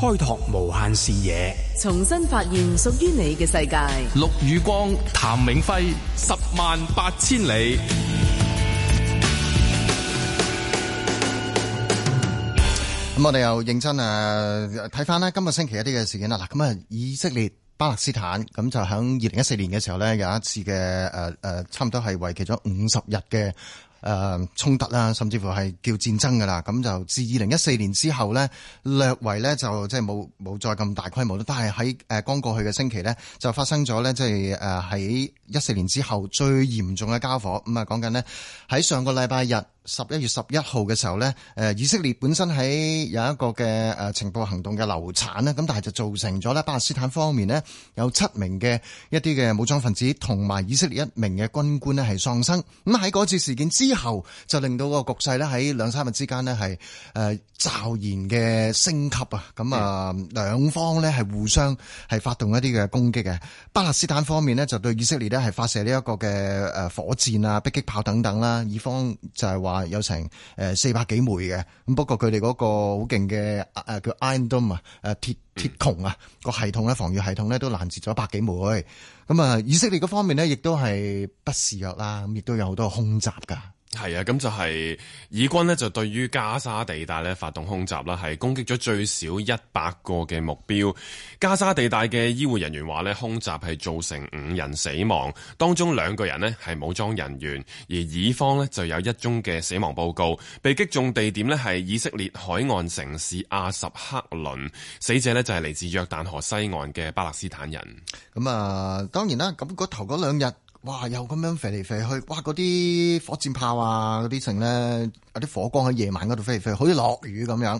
開拓無限視野，重新發現屬於你嘅世界。陸宇光、譚永輝，十萬八千里。咁我哋又認真誒睇翻咧，今個星期一啲嘅事件啦。嗱，咁啊，以色列、巴勒斯坦咁就喺二零一四年嘅時候呢，有一次嘅誒誒，差唔多係為期咗五十日嘅。誒、呃、衝突啦，甚至乎係叫戰爭㗎啦，咁就自二零一四年之後咧，略為咧就即係冇冇再咁大規模啦。但係喺、呃、剛過去嘅星期咧，就發生咗咧，即係誒喺，呃一四年之後最嚴重嘅交火，咁啊講緊咧喺上個禮拜日十一月十一號嘅時候咧，誒以色列本身喺有一個嘅誒情報行動嘅流產啦，咁但係就造成咗咧巴勒斯坦方面咧有七名嘅一啲嘅武裝分子同埋以色列一名嘅軍官咧係喪生。咁喺嗰次事件之後就令到個局勢咧喺兩三日之間咧係誒驟然嘅升級啊！咁啊兩方咧係互相係發動一啲嘅攻擊嘅，巴勒斯坦方面咧就對以色列咧。係發射呢一個嘅誒火箭啊、迫擊炮等等啦，以方就係話有成誒四百幾枚嘅，咁不過佢哋個好勁嘅誒叫 Iron Dome 啊，誒鐵鐵穹啊個、啊啊、系統咧防禦系統咧都攔截咗百幾枚，咁啊以色列方面咧亦都係不示弱啦，咁亦都有好多空襲噶。係啊，咁就係以軍呢就對於加沙地帶咧發動空襲啦，係攻擊咗最少一百個嘅目標。加沙地帶嘅醫護人員話呢，空襲係造成五人死亡，當中兩個人呢係武裝人員，而以方呢就有一宗嘅死亡報告，被擊中地點呢係以色列海岸城市阿什克倫，死者呢就係嚟自約旦河西岸嘅巴勒斯坦人。咁啊，當然啦，咁嗰頭嗰兩日。哇！又咁樣飛嚟飛去，哇！嗰啲火箭炮啊，嗰啲城咧，有啲火光喺夜晚嗰度飛嚟飛去，好似落雨咁樣。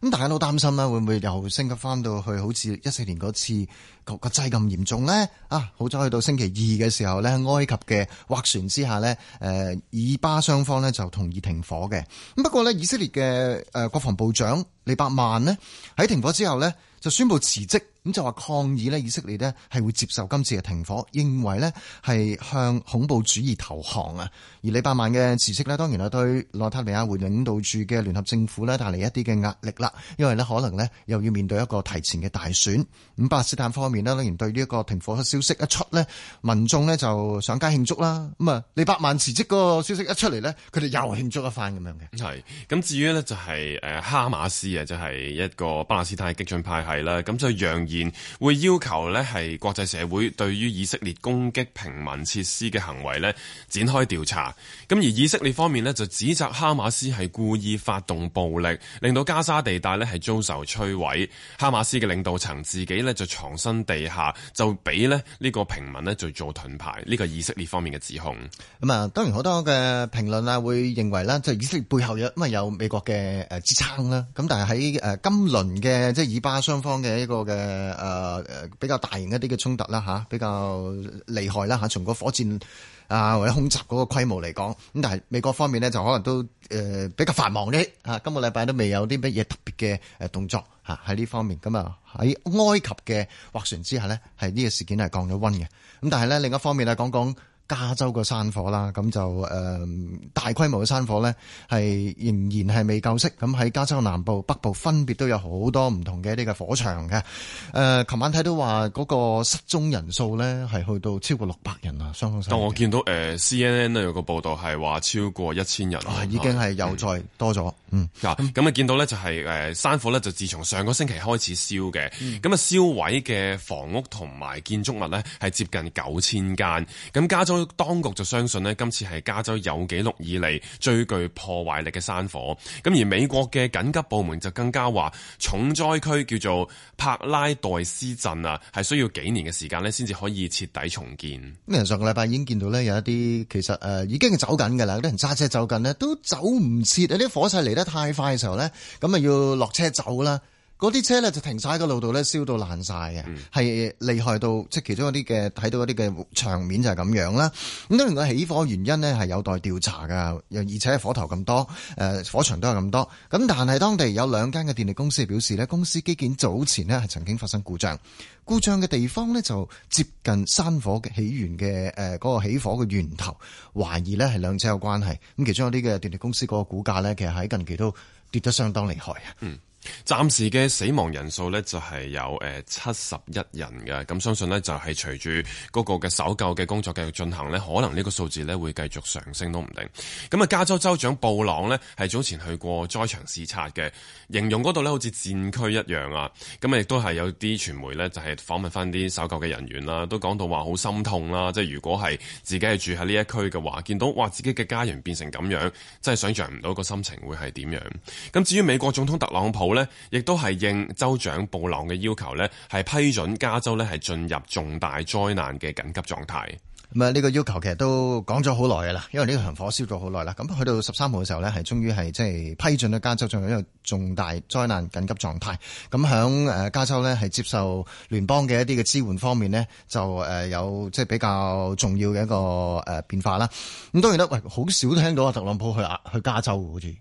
咁大家都擔心啦，會唔會又升級返到去好似一四年嗰次個個劑咁嚴重咧？啊！好彩去到星期二嘅時候咧，埃及嘅劃船之下咧，誒、呃、以巴雙方咧就同意停火嘅。咁不過咧，以色列嘅誒國防部長利伯曼呢，喺停火之後咧就宣布辭職。咁就話抗議呢，以色列呢係會接受今次嘅停火，認為呢係向恐怖主義投降啊！而利伯曼嘅辭職呢，當然啦，對內塔尼亞胡領導住嘅聯合政府呢，帶嚟一啲嘅壓力啦，因為呢可能呢又要面對一個提前嘅大選。咁巴勒斯坦方面呢，當然對呢一個停火嘅消息一出呢，民眾呢就上街慶祝啦。咁啊，利伯曼辭職嗰個消息一出嚟呢，佢哋又慶祝一番咁樣嘅。咁，至於呢，就係哈馬斯啊，就係、是、一個巴勒斯坦激進派系啦。咁就揚言。會要求呢係國際社會對於以色列攻擊平民設施嘅行為呢展開調查，咁而以色列方面呢就指責哈馬斯係故意發動暴力，令到加沙地帶呢係遭受摧毀。哈馬斯嘅領導層自己呢就藏身地下，就俾咧呢個平民呢就做盾牌。呢、呢個以色列方面嘅指控，咁啊當然好多嘅評論啊會認為呢就是、以色列背後有因為有美國嘅誒支撐啦，咁但係喺誒今輪嘅即係以巴雙方嘅一個嘅。誒誒誒，比較大型一啲嘅衝突啦吓，比較厲害啦吓，從個火箭啊或者空襲嗰個規模嚟講，咁但係美國方面呢，就可能都誒比較繁忙啲吓，今個禮拜都未有啲乜嘢特別嘅誒動作吓喺呢方面，咁啊喺埃及嘅斡旋之下呢，係、這、呢個事件係降咗溫嘅，咁但係呢，另一方面咧講講。講講加州嘅山火啦，咁就誒、呃、大規模嘅山火咧，係仍然係未夠熄。咁喺加州南部、北部分別都有好多唔同嘅呢個火場嘅。誒、呃、琴晚睇到話個失蹤人數咧係去到超過六百人，但、呃、1, 人啊，雙方。但我見到誒 CNN 有個報道係話超過一千人，係已經係又再多咗。嗯，嗱、嗯、咁啊見到咧就係、是、誒、呃、山火咧就自從上個星期開始燒嘅，咁啊燒毀嘅房屋同埋建築物咧係接近九千間咁加州。當局就相信呢今次係加州有紀錄以嚟，最具破壞力嘅山火。咁而美國嘅緊急部門就更加話，重災區叫做帕拉代斯鎮啊，係需要幾年嘅時間呢先至可以徹底重建。咁上個禮拜已經見到呢有一啲其實誒、呃、已經走緊噶啦，啲人揸車走緊呢都走唔切。有啲火勢嚟得太快嘅時候呢，咁啊要落車走啦。嗰啲車咧就停晒喺個路度咧，燒到爛晒，嘅、嗯，係厲害到即係其中一啲嘅睇到一啲嘅場面就係咁樣啦。咁當然個起火原因呢係有待調查㗎，又而且火頭咁多、呃，火場都係咁多。咁但係當地有兩間嘅電力公司表示呢公司基建早前呢係曾經發生故障，故障嘅地方呢就接近山火嘅起源嘅嗰、呃嗰個起火嘅源頭，懷疑呢係兩者有關係。咁其中嗰啲嘅電力公司嗰個股價呢，其實喺近期都跌得相當厲害啊。嗯暫時嘅死亡人數呢，就係有誒七十一人嘅，咁相信呢，就係隨住嗰個嘅搜救嘅工作繼續進行，呢可能呢個數字呢，會繼續上升都唔定。咁啊，加州州長布朗呢，係早前去過災場視察嘅，形容嗰度呢，好似戰區一樣啊。咁啊，亦都係有啲傳媒呢，就係訪問翻啲搜救嘅人員啦，都講到話好心痛啦，即係如果係自己係住喺呢一區嘅話，見到哇自己嘅家人變成咁樣，真係想象唔到個心情會係點樣。咁至於美國總統特朗普。亦都係應州長布朗嘅要求呢，係批准加州呢係進入重大災難嘅緊急狀態。唔係呢個要求其實都講咗好耐噶啦，因為呢場火燒咗好耐啦。咁去到十三號嘅時候呢，係終於係即係批准咗加州進入一個重大災難緊急狀態。咁響誒加州呢係接受聯邦嘅一啲嘅支援方面呢，就誒有即係比較重要嘅一個誒變化啦。咁當然啦，喂，好少聽到阿特朗普去阿去加州嘅好似。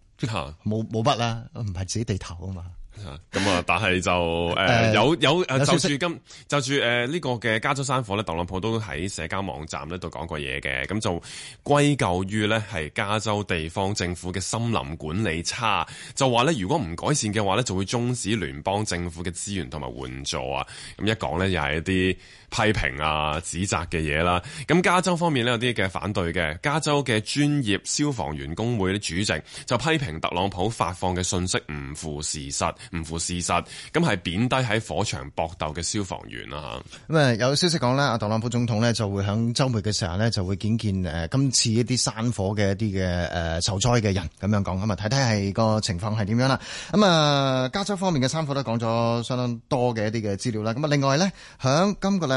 冇冇筆啦，唔係自己地頭啊嘛。咁、嗯、啊，但係就誒、呃呃、有有誒、呃，就住今就住誒呢、呃，這個嘅加州山火咧，特朗普都喺社交網站咧度講過嘢嘅。咁就歸咎於咧係加州地方政府嘅森林管理差，就話咧如果唔改善嘅話咧，就會終止聯邦政府嘅資源同埋援助啊。咁一講咧又係一啲。批評啊、指責嘅嘢啦，咁加州方面呢，有啲嘅反對嘅，加州嘅專業消防員工會主席就批評特朗普發放嘅信息唔符事實，唔符事實，咁係貶低喺火場搏鬥嘅消防員啦。咁啊、嗯、有消息講呢，特朗普總統呢就會喺週末嘅時候呢，就會見見今次一啲山火嘅一啲嘅、呃、受災嘅人咁樣講咁啊，睇睇係個情況係點樣啦。咁、嗯、啊、嗯、加州方面嘅山火都講咗相當多嘅一啲嘅資料啦。咁啊另外呢，響今個禮。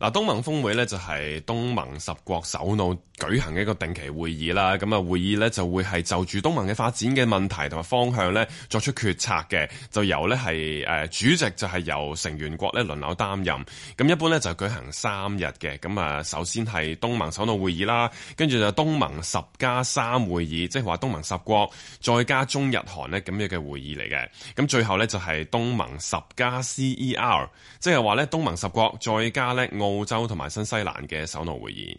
嗱，東盟峰會咧就係東盟十國首腦舉行嘅一個定期會議啦。咁啊，會議咧就會係就住東盟嘅發展嘅問題同埋方向咧作出決策嘅。就由咧係誒主席就係由成員國咧輪流擔任。咁一般咧就係舉行三日嘅。咁啊，首先係東盟首腦會議啦，跟住就東盟十加三會議，即係話東盟十國再加中日韓咧咁樣嘅會議嚟嘅。咁最後咧就係東盟十加 CER，即係話咧東盟十國再加咧澳。澳洲同埋新西蘭嘅首腦會議，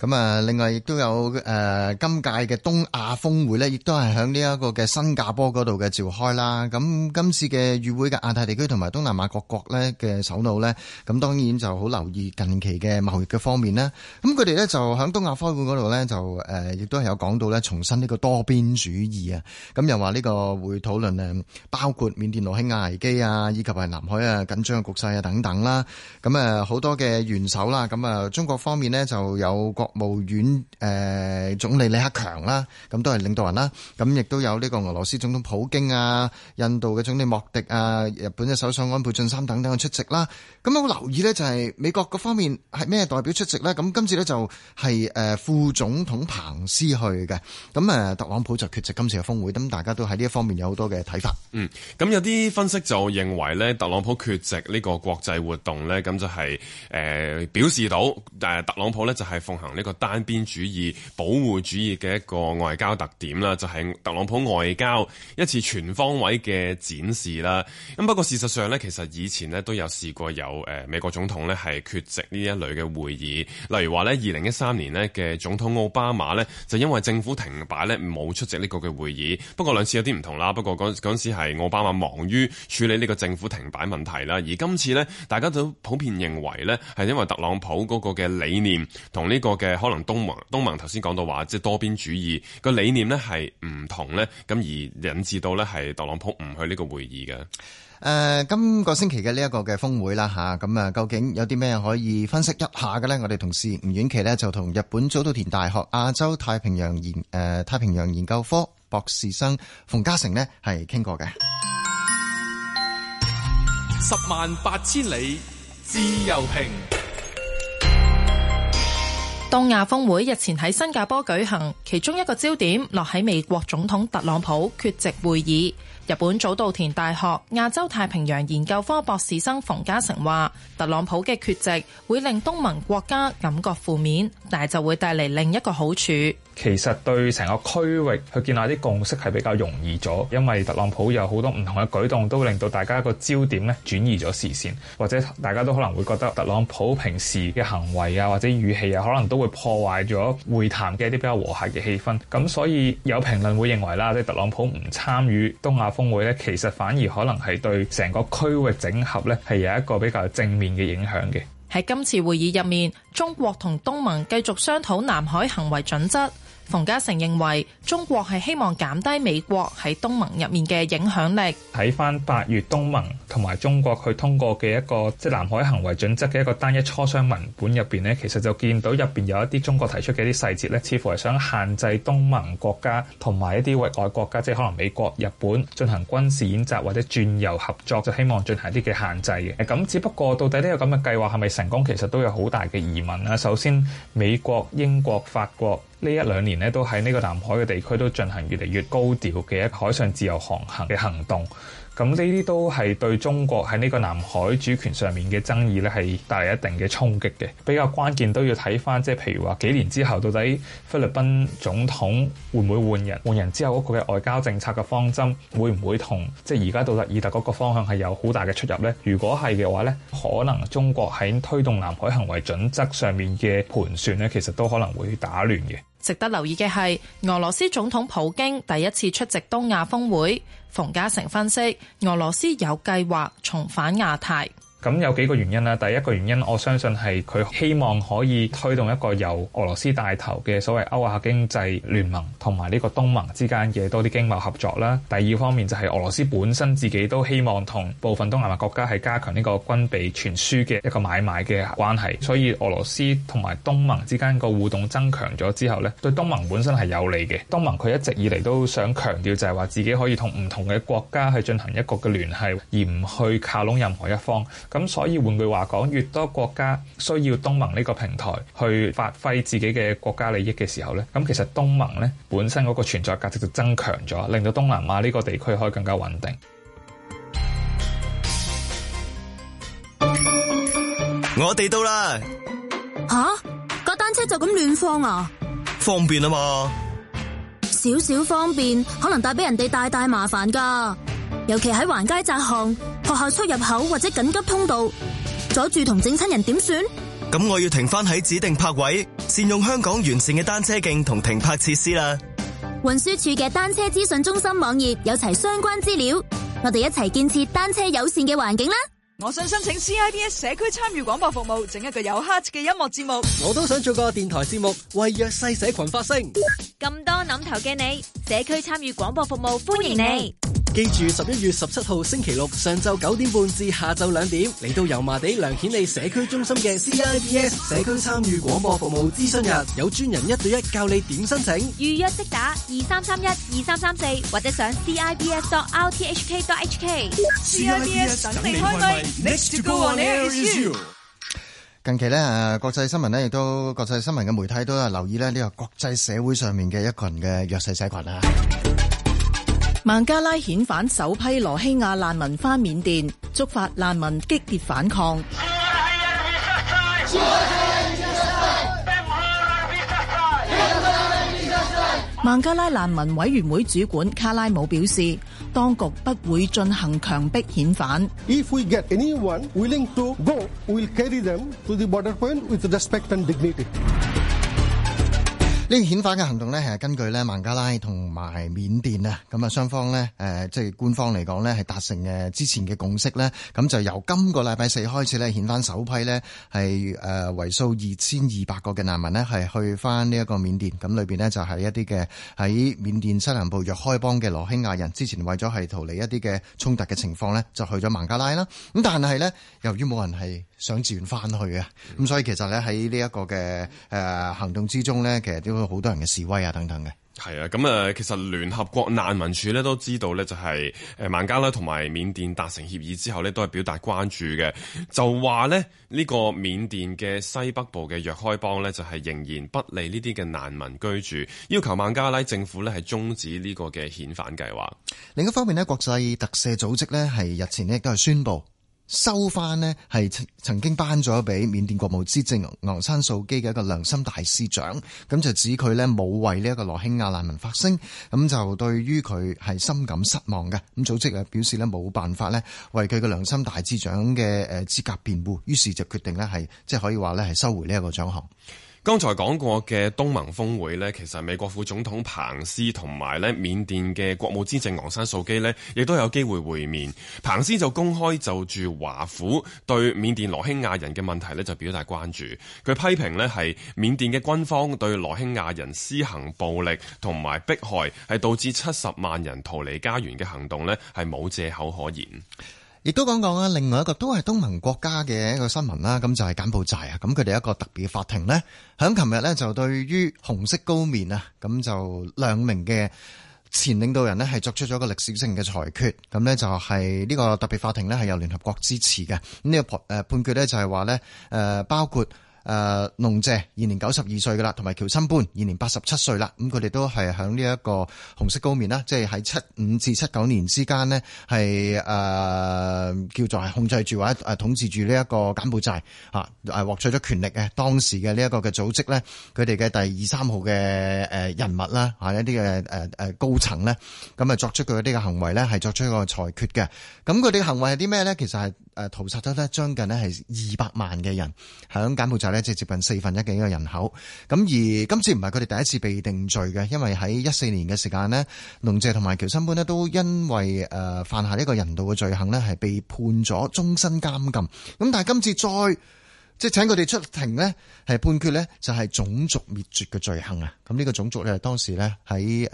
咁啊，另外亦都有誒，今屆嘅東亞峰會咧，亦都係響呢一個嘅新加坡嗰度嘅召開啦。咁今次嘅與會嘅亞太地區同埋東南亞各國咧嘅首腦咧，咁當然就好留意近期嘅貿易嘅方面啦。咁佢哋咧就響東亞峰會嗰度咧，就誒，亦都係有講到咧，重申呢個多邊主義啊。咁又話呢個會討論誒，包括緬甸羅興亞危機啊，以及係南海啊緊張嘅局勢啊等等啦。咁啊，好多嘅元首啦，咁啊，中國方面呢就有國務院誒總理李克強啦，咁都係領導人啦，咁亦都有呢個俄羅斯總統普京啊，印度嘅總理莫迪啊，日本嘅首相安倍晉三等等嘅出席啦。咁我留意呢就係美國嗰方面係咩代表出席呢？咁今次呢就係誒副總統彭斯去嘅，咁誒特朗普就缺席今次嘅峰會。咁大家都喺呢一方面有好多嘅睇法。嗯，咁有啲分析就認為呢，特朗普缺席呢個國際活動呢，咁就係誒。呃、表示到特朗普呢，就係、是、奉行呢個單邊主義保護主義嘅一個外交特點啦，就係、是、特朗普外交一次全方位嘅展示啦。咁不過事實上呢，其實以前呢都有試過有、呃、美國總統呢係缺席呢一類嘅會議，例如話呢二零一三年呢嘅總統奧巴馬呢，就因為政府停擺呢冇出席呢個嘅會議。不過兩次有啲唔同啦，不過嗰嗰陣時係奧巴馬忙於處理呢個政府停擺問題啦，而今次呢，大家都普遍認為呢。因為特朗普嗰個嘅理念同呢個嘅可能東盟東盟頭先講到話，即係多邊主義個理念呢係唔同咧，咁而引致到咧係特朗普唔去呢個會議嘅。誒、呃，今個星期嘅呢一個嘅峰會啦，吓咁啊，究竟有啲咩可以分析一下嘅咧？我哋同事吳婉琪呢，就同日本早稻田大學亞洲太平洋研誒、呃、太平洋研究科博士生馮嘉誠呢係傾過嘅。十萬八千里。自由評。東亞峰會日前喺新加坡舉行，其中一個焦點落喺美國總統特朗普缺席會議。日本早稻田大學亞洲太平洋研究科博士生馮嘉誠話，特朗普嘅缺席會令東盟國家感覺負面，但係就會帶嚟另一個好處。其實對成個區域去建立啲共識係比較容易咗，因為特朗普有好多唔同嘅舉動，都會令到大家一個焦點咧，轉移咗視線，或者大家都可能會覺得特朗普平時嘅行為啊，或者語氣啊，可能都會破壞咗會談嘅一啲比較和諧嘅氣氛。咁所以有評論會認為啦，即係特朗普唔參與東亞。峰會咧，其實反而可能係對成個區域整合咧，係有一個比較正面嘅影響嘅。喺今次會議入面，中國同東盟繼續商討南海行為準則。馮嘉誠認為，中國係希望減低美國喺東盟入面嘅影響力。睇翻八月東盟同埋中國佢通過嘅一個即係、就是、南海行為準則嘅一個單一磋商文本入邊呢，其實就見到入邊有一啲中國提出嘅一啲細節呢，似乎係想限制東盟國家同埋一啲域外國家，即係可能美國、日本進行軍事演習或者轉游合作，就希望進行一啲嘅限制嘅。咁只不過到底呢個咁嘅計劃係咪成功，其實都有好大嘅疑問啊。首先，美國、英國、法國。呢一兩年咧，都喺呢個南海嘅地區都進行越嚟越高調嘅一個海上自由航行嘅行動。咁呢啲都係對中國喺呢個南海主權上面嘅爭議咧，係帶嚟一定嘅衝擊嘅。比較關鍵都要睇返，即係譬如話幾年之後，到底菲律賓總統會唔會換人？換人之後嗰個嘅外交政策嘅方針會唔會同即係而家杜特爾特嗰個方向係有好大嘅出入呢？如果係嘅話呢，可能中國喺推動南海行為準則上面嘅盤算呢，其實都可能會打亂嘅。值得留意嘅係，俄羅斯總統普京第一次出席東亞峰會。馮嘉誠分析，俄羅斯有計劃重返亞太。咁有幾個原因啦。第一個原因，我相信係佢希望可以推動一個由俄羅斯帶頭嘅所謂歐亞經濟聯盟同埋呢個東盟之間嘅多啲經貿合作啦。第二方面就係俄羅斯本身自己都希望同部分東南亞國家係加強呢個軍備傳輸嘅一個買賣嘅關係。所以俄羅斯同埋東盟之間個互動增強咗之後咧，對東盟本身係有利嘅。東盟佢一直以嚟都想強調就係話自己可以同唔同嘅國家去進行一個嘅聯繫，而唔去靠攏任何一方。咁所以換句話講，越多國家需要東盟呢個平台去發揮自己嘅國家利益嘅時候咧，咁其實東盟咧本身嗰個存在價值就增強咗，令到東南亞呢個地區可以更加穩定。我哋到啦，吓、啊、架單車就咁亂放啊？方便啊嘛？少少方便，可能帶俾人哋大大麻煩噶。尤其喺橫街窄巷、學校出入口或者緊急通道，阻住同整親人點算？咁我要停翻喺指定泊位，善用香港完善嘅單車徑同停泊設施啦。運輸署嘅單車資訊中心網頁有齊相關資料，我哋一齊建設單車友善嘅環境啦。我想申請 CIBS 社區參與廣播服務，整一個有 heart 嘅音樂節目。我都想做個電台節目，為弱勢社群發聲。咁多諗頭嘅你，社區參與廣播服務，歡迎你。記住十一月十七號星期六上晝九點半至下晝兩點，嚟到油麻地梁顯利社區中心嘅 CIBS 社區參與廣播服務諮詢日，有專人一對一教你點申請。預約即打二三三一二三三四，或者上 CIBS dot R T H K dot H K。CIBS 等你開咪，Next to go and t r s 近期咧，誒，國際新聞咧，亦都國際新聞嘅媒體都係留意呢呢個國際社會上面嘅一群嘅弱勢社群啊。孟加拉遣返首批羅興亞難民返緬甸，觸發難民激烈反抗。孟加拉難民委員會主管卡拉姆表示，當局不會進行強迫遣返。呢、這個遣返嘅行動呢係根據呢孟加拉同埋緬甸啊，咁啊雙方呢，誒、呃、即係官方嚟講呢，係達成嘅之前嘅共識呢。咁就由今個禮拜四開始呢，遣返首批呢係誒為數二千二百個嘅難民呢，係去翻呢一個緬甸。咁裏邊呢，就係一啲嘅喺緬甸西南部若開邦嘅羅興亞人，之前為咗係逃離一啲嘅衝突嘅情況呢，就去咗孟加拉啦。咁但係呢，由於冇人係想自願翻去啊，咁所以其實呢、這個，喺呢一個嘅誒行動之中呢，其實都有好多人嘅示威啊，等等嘅。係啊，咁啊，其實聯合國難民署咧，都知道咧，就係誒孟加拉同埋緬甸達成協議之後咧，都係表達關注嘅，就話咧，呢個緬甸嘅西北部嘅若開邦呢，就係仍然不利呢啲嘅難民居住，要求孟加拉政府咧係終止呢個嘅遣返計劃。另一方面呢，國際特赦組織呢，係日前呢亦都係宣布收翻，呢係曾經頒咗俾緬甸國務資政昂山素基嘅一個良心大使獎，咁就指佢呢冇為呢一個羅興亞難民發聲，咁就對於佢係深感失望嘅，咁組織啊表示呢冇辦法呢為佢嘅良心大使獎嘅誒資格辯護，於是就決定呢係即係可以話呢係收回呢一個獎項。剛才講過嘅東盟峰會咧，其實美國副總統彭斯同埋咧緬甸嘅國務資政昂山素基呢，亦都有機會會面。彭斯就公開就住華府對緬甸羅興亞人嘅問題呢，就表達關注。佢批評呢，係緬甸嘅軍方對羅興亞人施行暴力同埋迫害，係導致七十萬人逃離家園嘅行動呢，係冇借口可言。亦都講講啊，另外一個都係東盟國家嘅一個新聞啦，咁就係、是、柬埔寨啊，咁佢哋一個特別法庭呢，響琴日呢就對於紅色高棉啊，咁就兩名嘅前領導人呢，係作出咗一個歷史性嘅裁決，咁呢就係呢個特別法庭呢，係由聯合國支持嘅，咁、這、呢個判誒判決呢就係話呢，誒包括。誒，農謝現年九十二歲噶啦，同埋喬森潘現年八十七歲啦，咁佢哋都係響呢一個紅色高棉啦，即係喺七五至七九年之間咧，係誒、呃、叫做係控制住或者誒統治住呢一個柬埔寨吓，誒、啊、獲取咗權力嘅當時嘅呢一個嘅組織咧，佢哋嘅第二三號嘅誒人物啦，吓一啲嘅誒誒高層咧，咁啊作出佢啲嘅行為咧，係作出一個裁決嘅，咁佢哋嘅行為係啲咩咧？其實係誒屠殺咗咧將近咧係二百萬嘅人響柬埔寨。接近四分一嘅人口，咁而今次唔係佢哋第一次被定罪嘅，因為喺一四年嘅時間咧，農謝同埋喬森潘咧都因為誒犯下呢個人道嘅罪行咧，係被判咗終身監禁。咁但係今次再。即係請佢哋出庭呢，係判決呢就係種族滅絕嘅罪行啊！咁、這、呢個種族咧，當時呢喺誒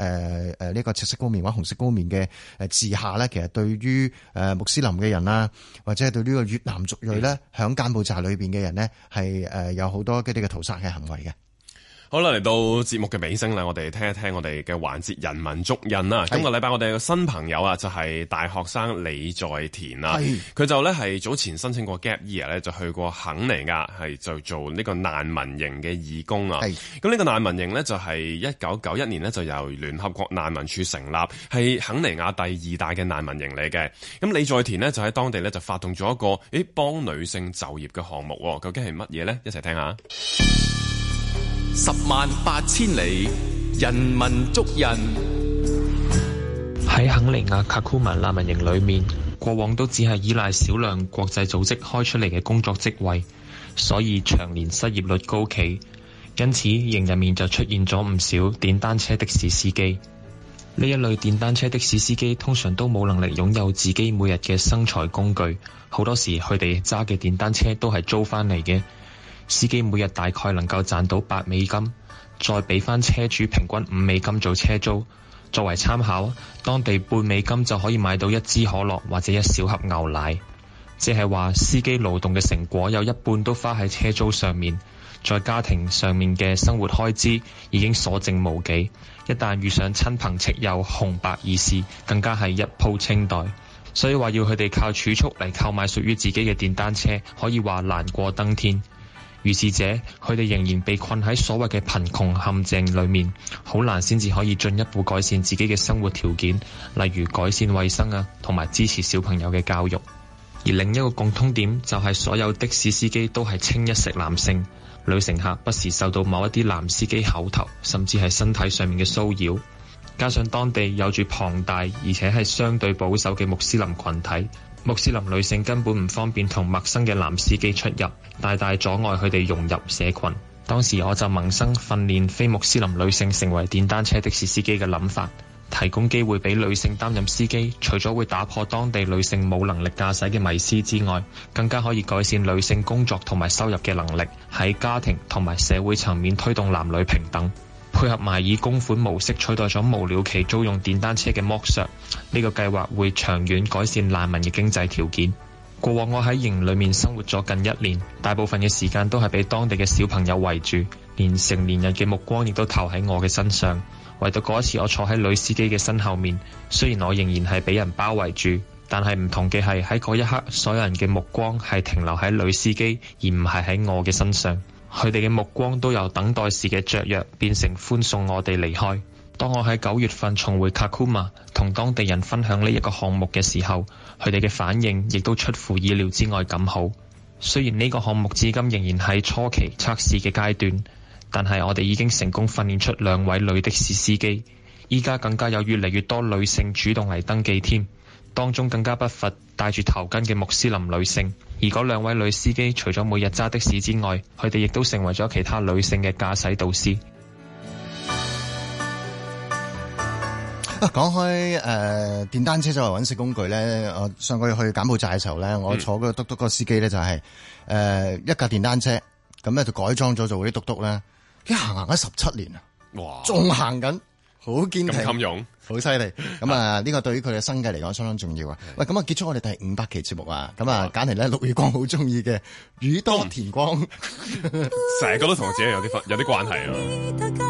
誒呢個赤色高棉或者紅色高棉嘅誒治下呢，其實對於誒穆斯林嘅人啦，或者係對呢個越南族裔呢，響柬埔寨裏邊嘅人呢，係誒有好多嗰啲嘅屠殺嘅行為嘅。好啦，嚟到節目嘅尾聲啦，我哋聽一聽我哋嘅環節《人文足印》啦。今個禮拜我哋嘅新朋友啊，就係、是、大學生李在田啦。佢就咧係早前申請過 Gap Year 咧，就去過肯尼亞，係就做呢個難民營嘅義工啊。咁呢個難民營呢，就係一九九一年呢，就由聯合國難民署成立，係肯尼亞第二大嘅難民營嚟嘅。咁李在田呢，就喺當地咧就發動咗一個，誒幫女性就業嘅項目，究竟係乜嘢呢？一齊聽下。十萬八千里，人文足印。喺肯尼亞卡庫曼難民營裏面，過往都只係依賴少量國際組織開出嚟嘅工作職位，所以長年失業率高企。因此，營入面就出現咗唔少電單車的士司機。呢一類電單車的士司機通常都冇能力擁有自己每日嘅生財工具，好多時佢哋揸嘅電單車都係租翻嚟嘅。司機每日大概能夠賺到八美金，再俾翻車主平均五美金做車租。作為參考，當地半美金就可以買到一支可樂或者一小盒牛奶。即係話，司機勞動嘅成果有一半都花喺車租上面，在家庭上面嘅生活開支已經所剩無幾。一旦遇上親朋戚友紅白二事，更加係一鋪清袋。所以話要佢哋靠儲蓄嚟購買屬於自己嘅電單車，可以話難過登天。如是者，佢哋仍然被困喺所謂嘅貧窮陷阱裏面，好難先至可以進一步改善自己嘅生活條件，例如改善衛生啊，同埋支持小朋友嘅教育。而另一個共通點就係，所有的士司機都係清一色男性，女乘客不時受到某一啲男司機口頭甚至係身體上面嘅騷擾，加上當地有住龐大而且係相對保守嘅穆斯林群體。穆斯林女性根本唔方便同陌生嘅男司機出入，大大阻礙佢哋融入社群。當時我就萌生訓練非穆斯林女性成為電單車的士司機嘅諗法，提供機會俾女性擔任司機，除咗會打破當地女性冇能力駕駛嘅迷思之外，更加可以改善女性工作同埋收入嘅能力，喺家庭同埋社會層面推動男女平等。配合埋以公款模式取代咗無了期租用電單車嘅剝削，呢個計劃會長遠改善難民嘅經濟條件。過往我喺營裏面生活咗近一年，大部分嘅時間都係俾當地嘅小朋友圍住，連成年人嘅目光亦都投喺我嘅身上。唯獨嗰一次，我坐喺女司機嘅身後面，雖然我仍然係俾人包圍住，但係唔同嘅係喺嗰一刻，所有人嘅目光係停留喺女司機，而唔係喺我嘅身上。佢哋嘅目光都由等待時嘅雀躍變成歡送我哋離開。當我喺九月份重回卡庫瑪，同當地人分享呢一個項目嘅時候，佢哋嘅反應亦都出乎意料之外咁好。雖然呢個項目至今仍然喺初期測試嘅階段，但係我哋已經成功訓練出兩位女的士司機，依家更加有越嚟越多女性主動嚟登記添。當中更加不乏戴住頭巾嘅穆斯林女性，而嗰兩位女司機除咗每日揸的士之外，佢哋亦都成為咗其他女性嘅駕駛導師。啊，講開誒、呃，電單車作為揾食工具咧，我上個月去柬埔寨嘅時候咧、嗯，我坐嗰個嘟嘟個司機咧就係、是、誒、呃、一架電單車，咁咧就改裝咗做啲嘟嘟咧，一行行咗十七年啊，哇，仲行緊。好堅強，咁襟勇，好犀利。咁啊，呢 個對於佢嘅生計嚟講相當重要啊。喂，咁啊，結束我哋第五百期節目啊。咁啊，揀嚟咧，陸月光好中意嘅宇多田光，成日覺得同自己有啲有啲關係啊。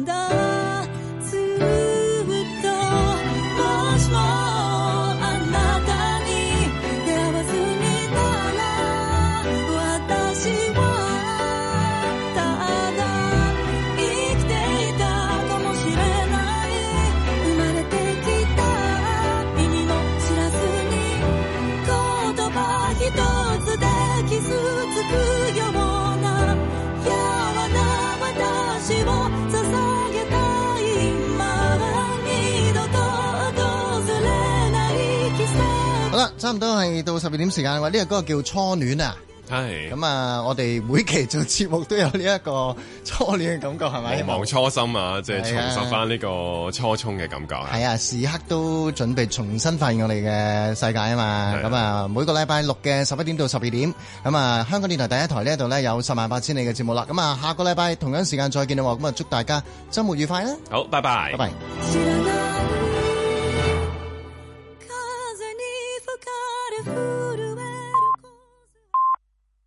差唔多係到十二點時間喎，呢、這個歌叫《初戀》啊，係咁啊，我哋每期做節目都有呢一個初戀嘅感覺，係咪？希望初心啊，即係、啊就是、重拾翻呢個初衷嘅感覺。係啊，時刻都準備重新發現我哋嘅世界啊嘛。咁啊，每個禮拜六嘅十一點到十二點，咁啊，香港電台第一台呢度呢，有十萬八千里嘅節目啦。咁啊，下個禮拜同樣時間再見啦，咁啊，祝大家週末愉快。啦！好，拜拜，拜拜。